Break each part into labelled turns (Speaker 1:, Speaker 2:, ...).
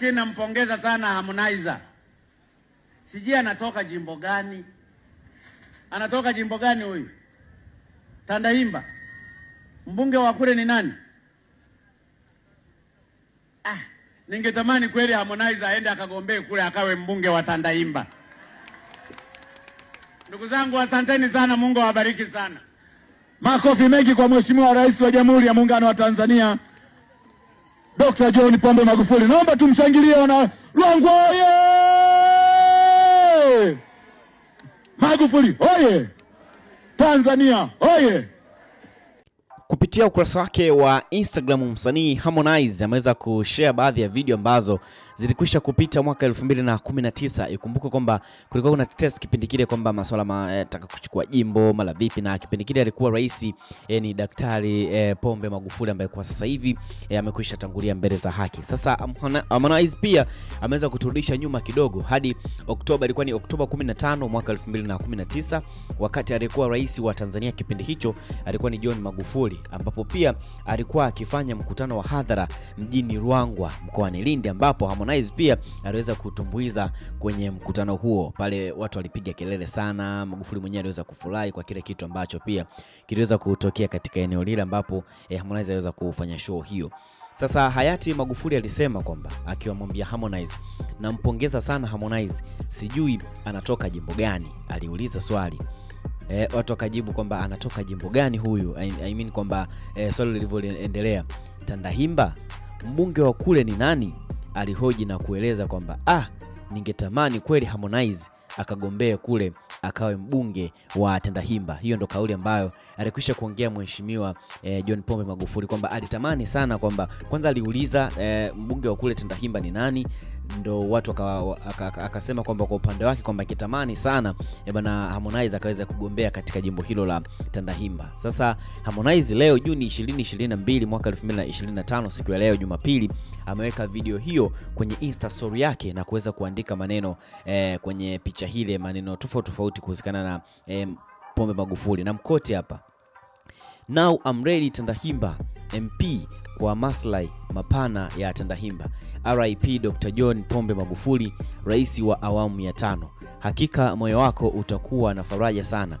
Speaker 1: Lakini nampongeza sana hamunaiza sijui anatoka jimbo gani, anatoka jimbo gani huyu Tandahimba, mbunge wa kule ni nani? Ah, ningetamani kweli Harmonize aende akagombee kule akawe mbunge wa Tandahimba. Ndugu zangu, asanteni sana, Mungu awabariki sana. Makofi mengi kwa Mheshimiwa Rais wa Jamhuri ya Muungano wa Tanzania. Dkt. John Pombe Magufuli. Naomba tumshangilie wana Lwangwa oye! Magufuli oye! Tanzania oye!
Speaker 2: Kupitia ukurasa wake wa Instagram, msanii Harmonize ameweza kushare baadhi ya video ambazo zilikwisha kupita mwaka 2019. Ikumbuke kwamba kulikuwa kuna test kipindi kile kwamba masuala mataka eh, kuchukua jimbo mara vipi, na kipindi kile alikuwa rais eh, ni Daktari eh, Pombe Magufuli ambaye kwa sasa hivi eh, amekwisha tangulia mbele za haki. Sasa Harmonize pia ameweza kuturudisha nyuma kidogo hadi Oktoba, ilikuwa ni Oktoba 15 mwaka 2019, wakati aliyekuwa rais wa Tanzania kipindi hicho alikuwa ni John Magufuli ambapo pia alikuwa akifanya mkutano wa hadhara mjini Ruangwa mkoani Lindi, ambapo Harmonize pia aliweza kutumbuiza kwenye mkutano huo. Pale watu walipiga kelele sana. Magufuli mwenyewe aliweza kufurahi kwa kile kitu ambacho pia kiliweza kutokea katika eneo lile, ambapo eh, Harmonize aliweza kufanya show hiyo. Sasa hayati Magufuli alisema kwamba akiwamwambia Harmonize, nampongeza sana Harmonize, sijui anatoka jimbo gani, aliuliza swali e, watu wakajibu kwamba anatoka jimbo gani huyu? I, I mean kwamba e, swali lilivyoendelea, Tandahimba mbunge wa kule ni nani? alihoji na kueleza kwamba ah, ningetamani kweli Harmonize akagombee kule akawe mbunge wa Tandahimba. Hiyo ndo kauli ambayo alikwisha kuongea mheshimiwa eh, John Pombe Magufuli kwamba alitamani sana kwamba kwanza aliuliza eh, mbunge wa kule Tandahimba ni nani, ndo watu akasema kwamba kwa upande wake kwamba akitamani sana eh, bana Harmonize akaweza kugombea katika jimbo hilo la Tandahimba. Sasa Harmonize leo Juni 2022 mwaka 2025, siku ya leo Jumapili, ameweka video hiyo kwenye Insta story yake na kuweza kuandika maneno eh, kwenye picha hile maneno tofauti tofauti kuhusikana na eh, Pombe Magufuli na mkoti hapa Now I'm ready Tandahimba MP kwa maslahi mapana ya Tandahimba. RIP Dr. John Pombe Magufuli, rais wa awamu ya tano. Hakika moyo wako utakuwa na faraja sana.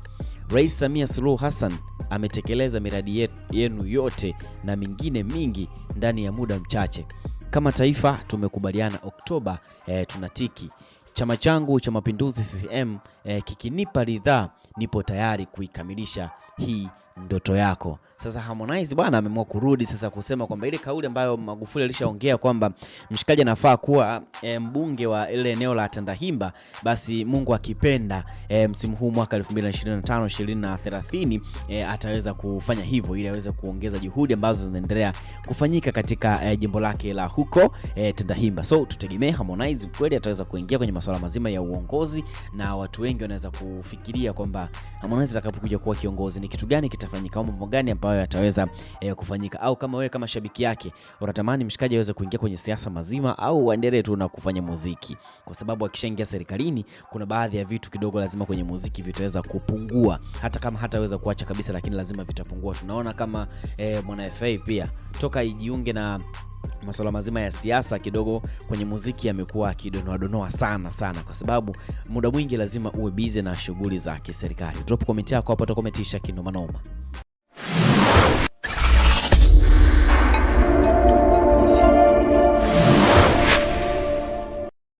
Speaker 2: Rais Samia Suluhu Hassan ametekeleza miradi yenu yote na mingine mingi ndani ya muda mchache. Kama taifa tumekubaliana Oktoba e, tunatiki. Chama changu cha Mapinduzi CCM e, eh, kikinipa ridhaa nipo tayari kuikamilisha hii ndoto yako. Sasa Harmonize bwana ameamua kurudi sasa kusema kwamba ile kauli ambayo Magufuli alishaongea kwamba mshikaji anafaa kuwa e, mbunge wa ile eneo la Tandahimba, basi Mungu akipenda e, msimu huu mwaka 2025 2030 e, ataweza kufanya hivyo ili aweze kuongeza juhudi ambazo zinaendelea kufanyika katika e, jimbo lake la huko e, Tandahimba. So tutegemee Harmonize kweli ataweza kuingia kwenye masuala mazima ya uongozi, na watu wengi wanaweza kufikiria kwamba Harmonize atakapokuja kuwa kiongozi ni kitu gani kita yatafanyika au mambo gani ambayo yataweza eh, kufanyika, au kama wewe kama shabiki yake unatamani mshikaji aweze kuingia kwenye siasa mazima au waendelee tu na kufanya muziki, kwa sababu akishaingia serikalini kuna baadhi ya vitu kidogo lazima kwenye muziki vitaweza kupungua, hata kama hataweza kuacha kabisa, lakini lazima vitapungua. Tunaona kama eh, mwana FA pia toka ijiunge na masuala mazima ya siasa kidogo kwenye muziki yamekuwa akidonoadonoa sana sana, kwa sababu muda mwingi lazima uwe bize na shughuli za kiserikali. Drop comment yako hapo, utakometisha kinomanoma.